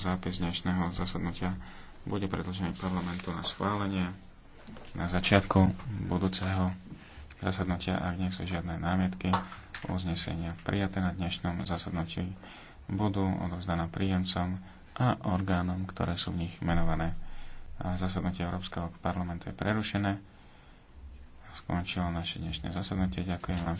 zápis dnešného zasadnutia bude predložený parlamentu na schválenie na začiatku budúceho zasadnutia, ak nie sú žiadne námietky, uznesenia prijaté na dnešnom zasadnutí budú odovzdané príjemcom a orgánom, ktoré sú v nich menované. A zasadnutie Európskeho parlamentu je prerušené. Skončilo naše dnešné zasadnutie. Ďakujem vám všetkým.